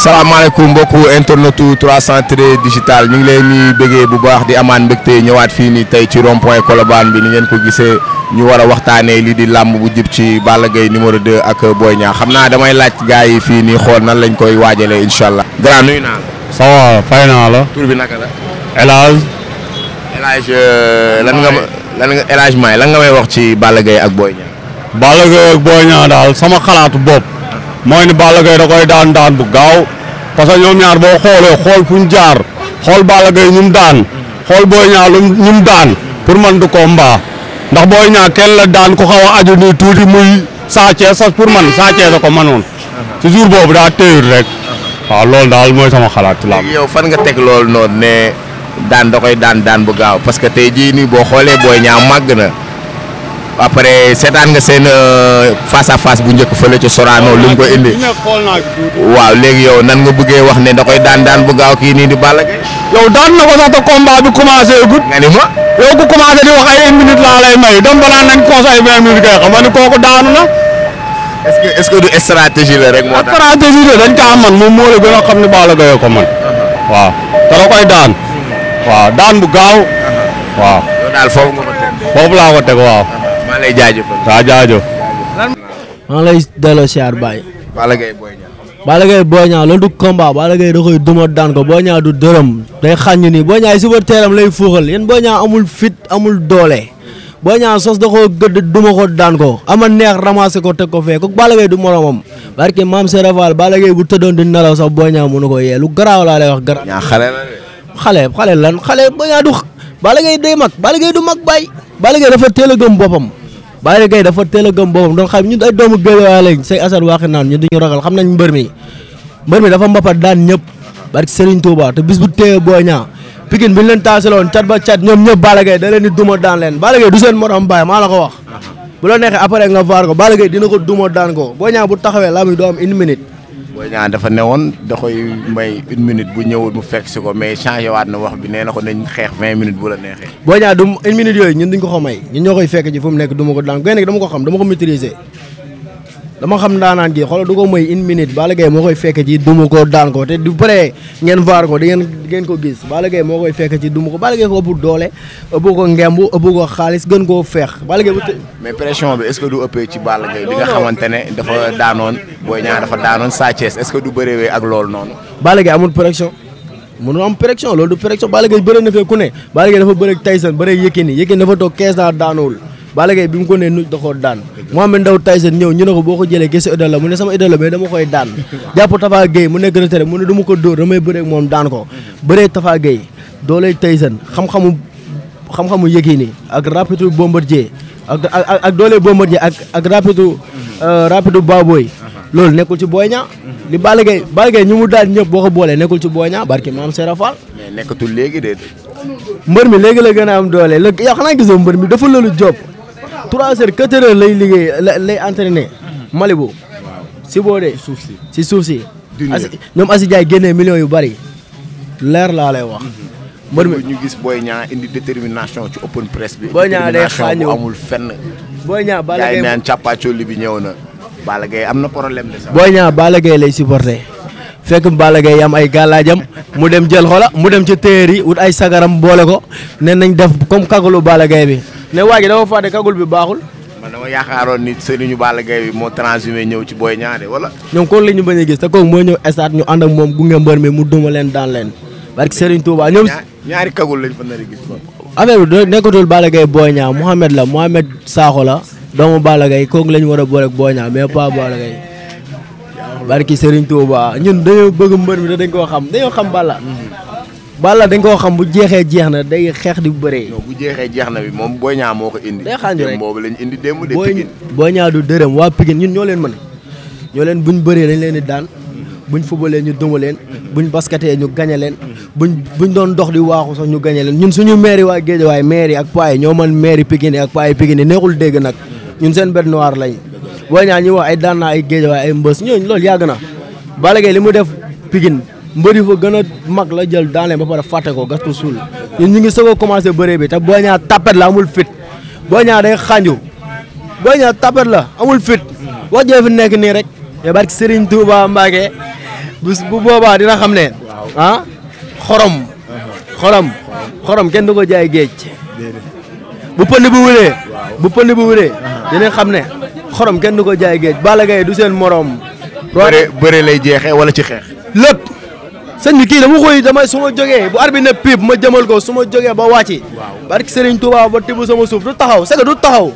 salaamaaleykum mbokku internetu 313 digital ñu ngi leen ñuy bëggee bu baax di amaan mbégte ñëwaat fii ni tey ci rond point Colobane bi ni ngeen ko gisee ñu war a waxtaanee lii di làmb bu jub ci Balla Gaye numéro 2 ak booy ñaa xam naa damay laaj gaa yi fii ni xool nan lañ koy waajalee incha allah. grand nuyu naa la. ça va fay naa la. tur bi naka la. El Hadj. Euh, lan nga ma lan nga El May wax ci Balla Gaye ak booy Niang. Balla ak Boy Niang daal sama xalaatu bopp. mooy ni Balla Gaye da koy daan daan bu gaaw parce que ñoom ñaar boo xoolee xool fu ñu jaar xool Balla Gaye daan xool Boy Niang lu daan pour man du combat ndax Boy Niang kenn la daan ku xaw a aju nii tuuti muy Sa Thiès sax pour man Sa Thiès ko mënoon ci boobu daa téyut rek waaw loolu daal mooy sama xalaat la yow fan nga teg loolu noonu ne daan da koy daan daan bu gaaw parce que tey jii nii boo xoolee booy Niang màgg na après seetaan nga seen euh, face à face bu njëkk fële ci Sorano lu mu ko indi. waaw léegi yow nan nga bëggee wax ne da koy daan daan bu gaaw kii nii di Balla Gaye. daan na ko sax te combat bi commencé gut. ni yow ku commencé di wax ay une minute laa lay may dem balaa nañ ko ay vingt minutes kay xam kooku daanu na. est-ce que est-ce la rek moo tax. stratégie la dañ kaa moom moo la gën a xam ne Balla Gaye ko man. Uh-huh. waaw te da koy daan. Hmm. waaw daan bu gaaw. Uh-huh. waaw. ngi lay jaajëfal. waaw jaajëf. maa ngi lay delloo siyaar Baye. Balla Gaye Boy Niang. Balla Gaye Boy Niang loolu du combat Balla da koy duma daan ko Boy Niang du dërëm day xàññi nii Boy Niang yi suba teeram lay fuuxal yéen Boy amul fit amul doole. Boy sos da ko daan ko ama neex ramassé ko teg ko fee ko Balla Gaye du moromam barke maam Serafal Balla Gaye bu tëddoon di nelaw sax Boy Niang mënu ko yee lu garaaw laa lay wax garaaw. ñaa xale la xale xale lan du Balla Gaye day du mag bay a gëm Balla Gaye dafa teel a gëm boppam doon xam ñun ay doomu géejawaay lañ say asar waaxi naan ñu duñu ragal xam nañ mbër dafa mbapat daan ñëpp barki Serigne Touba te bis bu téye Boy Niang Pikine bi ñu leen taasiloon cat ba cat ñoom ñëpp Balla Gaye da leen daan leen Balla Gaye du morom baay maa la ko wax bu la neexee après ko Balla Gaye dina ko duma daan ko Boy Niang bu taxawee laa muy doo minute Boy Niang dafa newoon da koy may une minute bu ñëwul mu fekk si ko mais changé waat na wax bi nee na ko nañ xeex vingt minutes bu la neexee. boo Niang du une minute yooyu ñun duñ ko ko may ñun ñoo fekk ji fu mu nekk du ma ko daan gën dama ko xam dama ko maîtriser. dama xam daanaan ji xoolal du ko moy une minute Balla Gaye moo koy fekk ci dumu ko daan ko te du paree ngeen vaar ko di ngeen ko gis Balla Gaye moo koy fekk ci dumu ko Balla Gaye ko ëpp doole ëpp ko ngemb ëpp ko xaalis gën koo feex Balla Gaye bu mais pression bi est-ce que du ëppee ci Balla Gaye bi nga dafa daanoon Boy Niang dafa daanoon Sa Thiès est-ce que du bëreewee ak loolu noonu Balla Gaye amul pression mënu am pression loolu du pression Balla Gaye bëre na fee ku ne dafa bëre ak Tyson bëre Yékini dafa toog 15 Balla Gaye bi mu ko nee nuj da daan daan Mohamed Ndao Tyson ñëw ñu ne ko boo ko jëlee gëstu idole la mu ne sama idole la mais dama koy daan jàpp Tafa Gueye mu nekk retraite mu ne du ma ko dóor damay bëree moom daan ko bëree Tafa Gueye dooley Tyson xam-xamu xam-xamu Yékini ak rapidu Bombardier ak ak ak dooley Bombardier ak ak rapidu euh, rapidu Baboy loolu nekkul ci Boy Niang li Balla Gaye Balla ñu mu daan ñëpp boo ko boolee nekkul ci Boy Niang barki maam Serap Fall mais nekkatul léegi de mbër mi léegi la gën a am doole la yow xanaa gisoo mbër mi dafa loolu job 3 heures 4 heures lay liggéey lay entraîné. Malibu. waaw si boo suuf si si suuf si. ñoom Asi génne génnee yu bari leer laa lay wax. Mm-hmm. mbër mi ñu gis booy Niang indi détermination ci open press bi. Boy Niang day xaañu bu amul fenn. Boy ñaa Balla Gaye naan càppaacoo bi ñëw na. Balla Gaye am na problème de sax. Boy Niang Balla Gaye lay supporté fekk Balla Gaye am ay gàllaajam mu dem jël xola mu dem ci téer yi wut ay sagaram boole ko ne nañ def comme kagalu Balla Gaye bi. ne waa ji dafa fàtte kagul bi baaxul. man dama yaakaaroon ni sëriñu Balla Gaye bi moo transhumé ñëw ci booy ñaare wala. ñoom kon la ñu bañ a gis te kooku moo ñëw stade ñu ànd ak moom gunge mbër mi mu duma leen daan leen barke Serigne Touba ñaari kagul lañ fa nar a gis moom. affaire bi nekkatul Balla Gaye booy ñaar la Mouhamed Sakho la doomu Balla Gaye kooku lañ war a booleeg booy ñaar mais pas Balla Gaye. barke Serigne Touba ñun dañoo bëgg mbër mi te dañ koo xam dañoo Balla dañ koo xam bu jeexee jeex na day xeex di bëree. bu jeexee jeex na bi moom booy Niang moo ko indi. day xaanju rek boobu lañ indi démb de Pikine. Boy Niang du dërëm waa Pikine ñun ñoo leen mën ñoo leen buñ bëree dañ leen di daan buñ fubalee ñu duma leen buñ basketee ñu gañe leen buñ buñ doon dox di waaxu sax ñu gañe leen ñun suñu maire waa Guédiawaye maire ak paa ñoo mën maire Pikine ak paa yi neexul dégg nag ñun seen bête noire lañ Boy Niang ñu wax ay daan naa ay Guédiawaye ay mbës ñooñu loolu yàgg na Balla Gaye li mu def Pikine mbëri fa gën a mag la jël daan leen ba pare ko gas ko suul ñun ñu ngi soog a commencé bëree bi te Boy Niang tapet la amul fit Boy Niang day la amul fit wax jee nekk nii rek ya barki Serigne Touba Mbacke bu bu boobaa dina xam ne ah xorom xorom xorom kenn ko jaay géej bu pënd bu wulee bu pënd bu wulee dinañ xam ne xorom kenn du jaay géej Balla du seen morom. bëre bëre lay jeexee wala ci xeex. lépp sëñ bi kii dama koy damay su ma jógee bu arbi ne pipe ma jamal ko su ma jógee ba wàcci barki Serigne Touba ba tibb sama suuf du taxaw c'est que du taxaw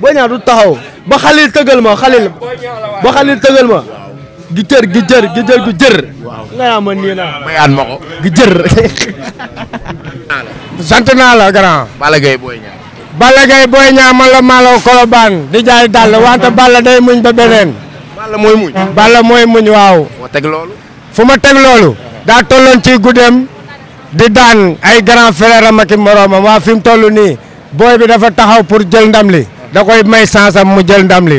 Boy Niang du taxaw ba xalil tëgal ma xalil ba xalil tëgal ma gi jër gi jër gi sant naa la grand Balla Gaye Boy Niang Balla Gaye Boy la Kolobaan di jaay dàll wante day muñ ba beneen Balla mooy muñ waaw teg loolu fu ma teg loolu daa tolloon ci guddeem di daan ay grand frère am ak i moroomam waa fi mu toll nii booy bi dafa taxaw pour jël ndam li da koy may chance am mu jël ndam li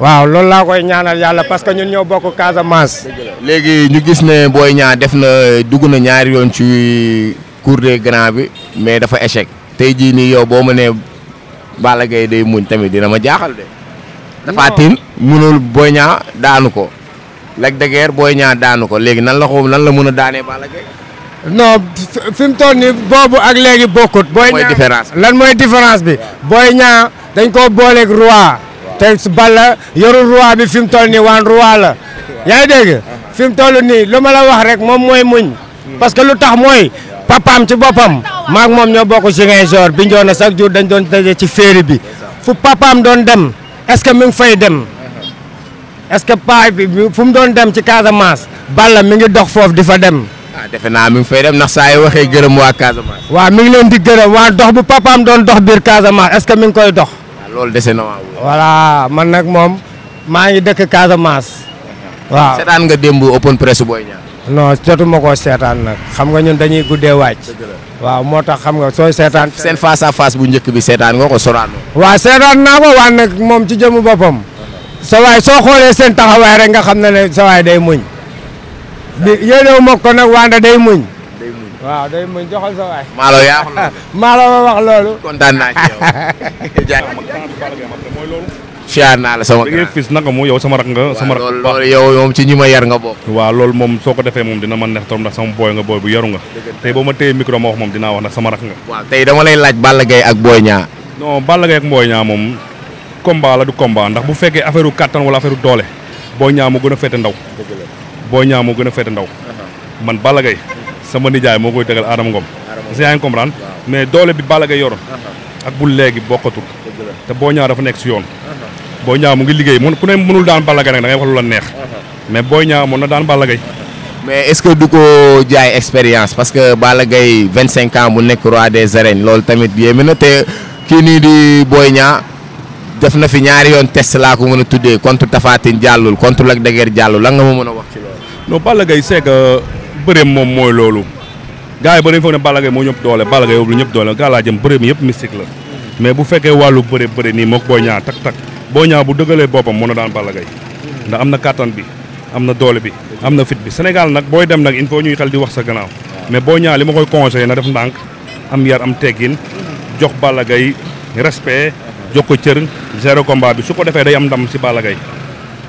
waaw loolu laa koy ñaanal yàlla parce que ñun ñoo bokk Casamance. léegi ñu gis ne booy Niang def na dugg na ñaari yoon ci cour des grands bi mais dafa échec tey jii nii yow boo ma nee Balla Gaye muñ tamit dina ma jaaxal de. dafa tin mënul Boy Niang daanu ko. Lac de booy ñaa Niang daanu ko léegi nan la ko nan la mën a daanee Balla Gaye non fi mu tol nii boobu ak léegi bokkut. Boy différence lan mooy différence bi. booy ñaa dañ koo booleeg roi. te Balla yorul roi bi fi mu toll nii waan roi la. yaa ngi dégg uh-huh. fi mu toll nii lu ma la wax rek moom mooy muñ. Hmm. parce que lu tax mooy papaam ci boppam. maak moom ñoo bokk ci ngay joor bi njoon na chaque jour dañ doon daje ci féeri bi. fu papaam doon dem est-ce que mi ngi fay dem. est-ce que paay bi fu mu doon dem ci Casamance. Balla mi ngi dox foofu di fa dem. ah defe naa mi ngi fay dem ndax saa yu waxee gërëm waa Casamance. waaw mi ngi leen di gërëm waa dox bu papaam doon dox biir Casamance est-ce que mi ngi koy dox. waaw ah, loolu dese na waaw. voilà man nag moom maa ngi dëkk Casamance. waaw seetaan nga démb open press booy ñaar. non jotuma koo seetaan nag xam nga ñun dañuy guddee wàcc. waaw moo tax xam nga sooy seetaan. seen face à face bu njëkk bi seetaan nga ko Sorano. waaw seetaan naa ko waa nag moom ci jëmu boppam. sa waay soo xoolee seen taxawaay rek nga xam ne ne sa waay day muñ. bi yéenewu ma ko nag waa day muñ. day muñ waaw day muñ joxal sa waay. Maalo yaa wax kontaan naa ci yow. fiyaar naa la sama. da fis naka mu rak nga. sama rak loolu yow moom ci ñi ma yar nga bokk. waaw loolu moom soo ko defee moom dina ma neex trop ndax sama booy nga booy bu yaru nga. tey boo ma téye micro ma wax moom dinaa wax ndax sama rak nga. waaw tey dama lay laaj Balla Gaye ak Boy Niang. non Balla ak Boy Niang moom. combat la du combat ndax bu fekkee affaire u kàttan wala affaire u doole Boy Niang moo gën a féete ndaw Boy Niang moo gën a féete ndaw uh-huh. man Balla Gaye sama nijaay moo koy tegal Adama Ngom si yaa ngi comprendre mais doole bi Balla Gaye uh-huh. ak bu léegi bokkatul te Boy Niang dafa nekk si yoon uh-huh. Boy Niang mu ngi liggéey mun ku daan Balla nag da ngay wax lu la neex mais Boy Niang mën na daan Balla Gaye mais est du ko jaay expérience parce que Balla Gaye vingt cinq ans mu nekk roi des arènes loolu tamit yéeme na te def na fi ñaari yoon test laa ko mën a tuddee contre Tapha Tine jàllul contre Lac de Guiers jàllul lan nga ma a wax ci loolu. non Balla Gaye c'est bëreem moom mooy loolu gars yi ba dañu foog ne Balla Gaye moo ñëpp doole Balla Gaye yóbbu ñëpp doole gars laa jëm bëreem yëpp mystique la mais bu fekkee wàllu bëre bëre nii moog Boy Niang tak tak Boy Niang bu dëggalee boppam mën na daan Balla Gaye ndax am na kattan bi am na doole bi am na fit bi senegal nag booy dem nag il faut ñuy xel di wax sa gannaaw mais Boy Niang li ma koy conseillé na def ndànk am yar am teggin jox Balla Gaye respect jox ko cër gérer combat bi su ko defee day am ndam si Balla Gaye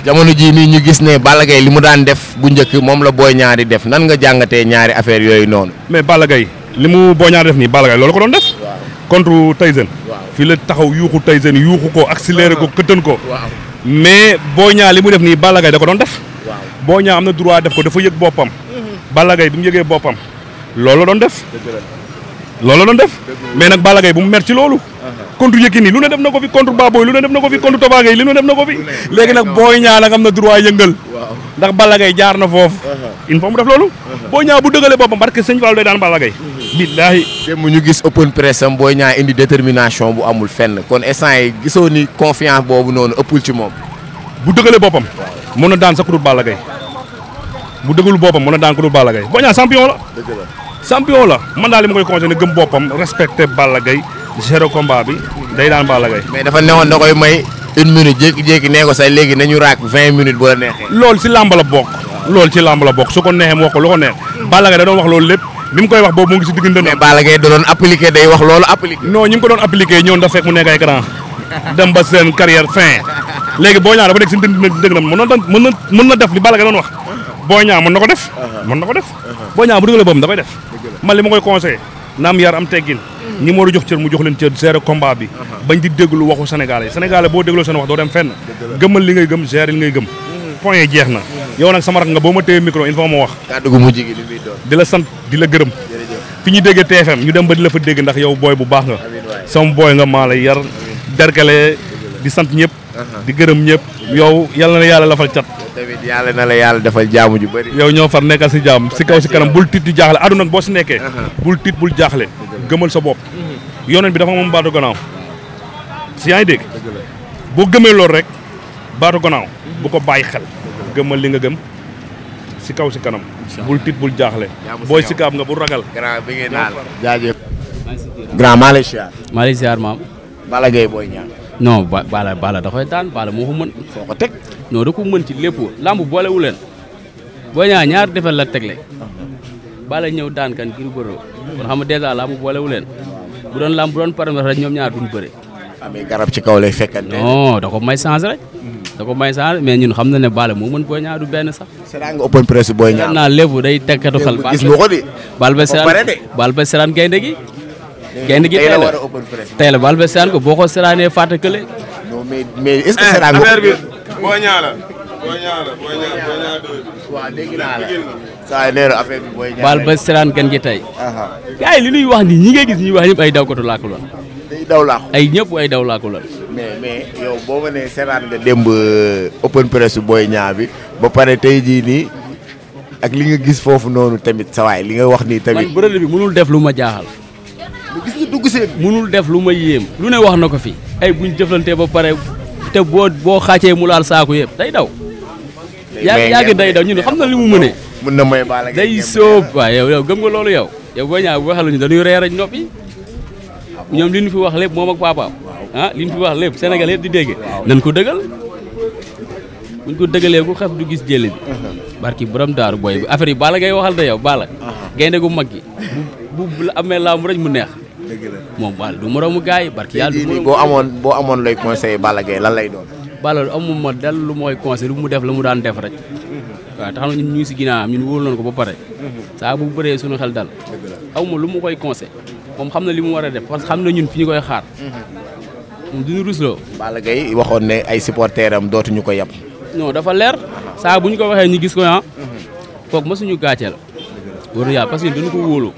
jamono jii nii ñu gis ne Balla Gaye li mu daan def bu njëkk moom la booy ñaari def nan nga jàngatee ñaari affaire yooyu noonu. mais Balla Gaye li mu Boy Niang def nii Balla Gaye loolu ko doon def. contre Tyson. fii la taxaw yuuxu Tyson yuuxu ko ak si leere ko këttan ko. mais Boy Niang li mu def nii Balla Gaye da ko doon def. Boy Niang am na droit def ko dafa yëg boppam. Mhm. Balla Gaye bi mu yëgee boppam. loolu la doon loolu la doon def mais nag Balla Gaye bu mu mer ci loolu. contre Yékini lu ne def na ko fi contre Baboy lu ne def na ko fi contre Tapha Gueye lu ne def na ko fi. léegi nag booy Niang nag am na droit yëngal. ndax Balla Gaye jaar na foofu. il faut mu def loolu. Boy Niang bu dëgalee boppam parce que sëñ Fallou day daan Balla Gaye. billaahi. démb ñu gis open press am Boy Niang indi détermination bu amul fenn kon instant yi gisoo ni confiance boobu noonu ëppul ci moom. bu dëgalee boppam. mën na daan sa kuréel Balla Gaye bu dëgalu boppam mën na daan kuréel Balla Gaye Boy Niang champion la. champion la man daal li ma koy conseillé ne gëm boppam respecté Balla Gaye zéro combat bi day daan Balla Gaye. mais dafa newoon da koy may une minute jékki-jékki nee ko léegi nañu raak vingt minutes bu wax ko lu ko neex. Balla Gaye da doon wax loolu lépp bi mu koy wax boobu mu ngi ci diggante. mais Balla Gaye da doon appliqué day wax loolu appliqué. non ñi mu ko doon appliqué ñoon dafa fekk mu nekk ay grand seen carrière fin léegi boo ñaan dafa nekk ci dëgg dëgg Boy Niang mën na ko def. Uh-huh. mën na ko def. Uh-huh. Boy Niang bu dugalee boobu da koy def. man li ma koy conseillé na am yar am teggin. Mm. ñi moo jox cër mu jox leen cër gérer combat bi. Uh-huh. bañ di déglu waxu Sénégalais Sénégalais boo dégloo seen wax doo dem fenn. gëmal li ngay gëm gérer li ngay gëm. Mm. point yi jeex na. yow nag sama rak nga boo ma téye micro il faut ma wax. kàddu gu mujj gi di la sant di la gërëm. fi ñu déggee TFM ñu dem ba di la fa dégg ndax yow booy bu baax nga. sama booy nga maa lay yar. derkale di sant ñëpp. di gërëm ñëpp. yow yàlla na yàlla lafal cat tamit yàlla na la yàlla defal jaamu ju bëri. yow ñoo far nekkal si jaam si kaw si kanam bul tiit di jaaxle aduna boo si nekkee. bul tiit bul jaaxle. gëmal sa bopp. bi dafa moom baatu gannaaw yaa ngi dégg. boo gëmee loolu rek baatu gannaaw bu ko bàyyi xel. gëmal li nga gëm si kaw si kanam. bul tiit bul jaaxle. booy si nga bu ragal. grand bi ngeen naan jaajëf. grand maa maam. non bala bala Balla da koy daan Balla moo ko mën. foo ko teg non da ko mën ci lépp làmb boole leen. boo ñaa ñaar defal la tegle. Balla ñëw daan kan Gris Bordeaux. kon xam nga dèjà làmb boolewu leen. bu doon làmb bu doon pare rek ñoom ñaar duñ bëre. amee garab ci kaw lay fekkante. non da ko may chance rek. da ko may chance mais ñun xam na ne Balla moo mën boo ñaa du benn sax. seraan nga open press booy ñaa. naa lépp day tekkatu xel. gis nga ko de. Bal ba seraan Gaynde gi gaynde gi tey la tey la Balla Bessane ko boo gi tey. li ñuy wax ni ñi ngay gis ñuy wax ñëpp ay daw katu la. day daw laaku ay ñëpp ay daw laaku la. mais yow boo ma seraan nga démb euh, open press booy ñaa bi ba pare tey jii nii. ak li nga gis foofu noonu tamit sa li nga wax nii tamit. man bi mënul def lu ma jaaxal. dugg seen. def lu ma yéem. lu ne wax na ko fi. ay buñ jëflantee ba pare te boo boo xaacee mu laal saako yëpp day daw. yaa yaa day daw ñun xam na li mu mënee. mën na may baala day sóob waaw yow yow gëm nga loolu yow. yow boo ñaaw waxal ñu dañuy reer ak noppi ah, ñoom li ñu fi wax lépp moom ak papaam ah li ñu fi wax lépp senegal yëpp di dégg nañ ko dëgal buñ ko dëgalee ku xef du gis jële bi uh-huh. barki borom daaru booy bi affaire yi baala ngay waxal da yow baala uh-huh. gaynde gu mag gi bu bu amee laamu mu neex moom Balla du moroomu gars yi barki yàlla du boo amoon boo amoon lay conseillé Balla Gaye lan lay doon Balla amu ma dal lu mooy conseil lu mu def la mu daan def rek waaw tax na ñun ñu ngi si ginnaaw ñun wóolu nañu ko ba pare saa bu bëree suñu xel dal aw ma lu mu koy conseil moom xam na li mu war a def parce xam na ñun fi ñu koy xaar mhm. moom duñu rusloo Balla Gaye waxoon ne ay supporter am dootuñu ko yab non dafa leer saa ñu ko waxee ñu gis ko ah mhm. kooku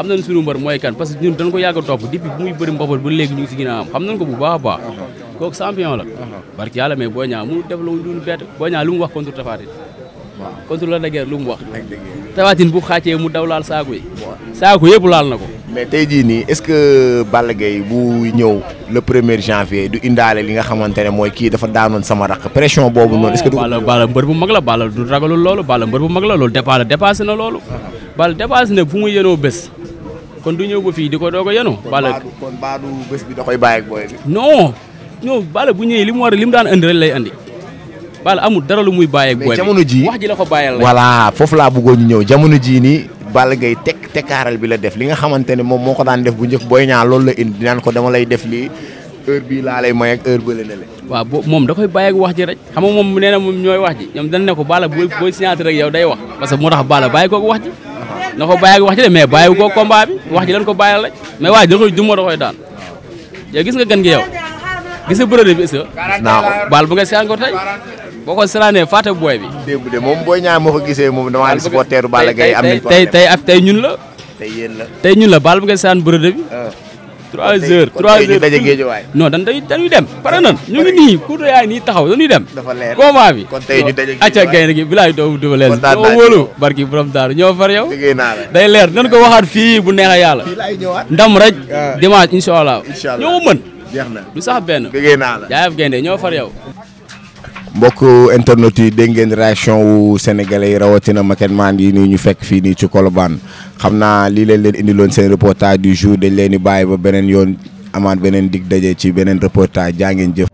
xam nañ suñu mbër mooy kan parce que ñun dañ ko yàgg a topp depuis bu muy bëri mbapat ba léegi ñu ngi si ginnaawam xam nañ ko bu baax baax kooku champion la barki yàlla mais Boy Niang mënu def la lun bett Boy Niang lu mu wax contre Tapha Tine contre Lac lu mu wax Tapha bu xaacee mu daw laal saako yi saako yëpp laal na ko mais tey jii nii est-ce que Balla Gaye bu ñëw la premier janvier du indaale li nga xamante ne mooy kii dafa daanoon sama raq pression boobu noonu est-ce que mag la Balla du ragalul loolu Balla mbër bu mag la loolu dépassé dépassé na loolu uh-huh. Balla dépassé na fu muy yénoo kon du ñëw ba fii di ko doog a yanu. Balla kon baadu bés bi da koy bàyyi ak booy bi. bu ñëwee li mu war li mu daan andi rek lay andi. Balla amul dara lu muy bàyyi ak booy bi mais jamono wax ji la ko bàyyal la. voilà foofu laa bëggoon ñu ñëw jamono jii nii. Balla Gaye tek tekkaaral bi la def li nga xamante ne moom moo ko daan def bu njëkk booy ñaa loolu la indi dinaan ko dama lay def lii heure bii laa lay may waaw bo moom da koy wax ji rek xam nga moom nee na moom ñooy wax ji ñoom dañ ne ko Balla booy booy signature rek yow day wax parce ko wax na ko bàyyi wax ci de mais bàyyi ko combat bi wax ji lan ko bàyyal rek mais waa ji da koy duma da daan yow gis nga gan gi yow gis nga bërëb bi est naa ko baal bu nga seetaan ko tey boo ko selaanee fàtte booy bi démb de moom booy ñaar moo ko gisee moom dama ne teeru Balla Gaye am nañ tey tey ak tey ñun la tey yéen la tey ñun la baal bu nga seetaan bërëb bi ah. 3 heures 3 heures ñu daje géejuwaay non dem pare nan ñu ngi nii ku yaay nii taxaw dañuy dem dafa leer combat bi kon tey ñu daje acca gaynde gi bilaay doomu duba lees doo wóolu barki borom daaru ñoo far yow day leer nan ko waxaat fii bu neexee yàlla ndam rek ah. dimanche incha allah ñoo mën jeex na du sax benn jaayaf gaynde ñoo far yow mbokk internet yi dégg ngeen réaction wu sénégalais yi rawatina Maguette Mane yi nii ñu fekk fii nii ci Colobane xam na lii leen leen indiloon seen reportage du jour dañ leen di bàyyi ba beneen yoon amaat beneen dig daje ci beneen reportage jaa ngeen jëf.